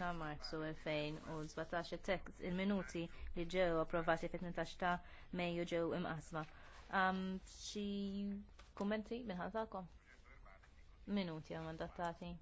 ta' Marzu 2017 it-tekst il-minuti li ġew approvati fit-18 ta' Mejju ġew imqasma. Xi kummenti minn ħaltakom? Minuti għamandattati.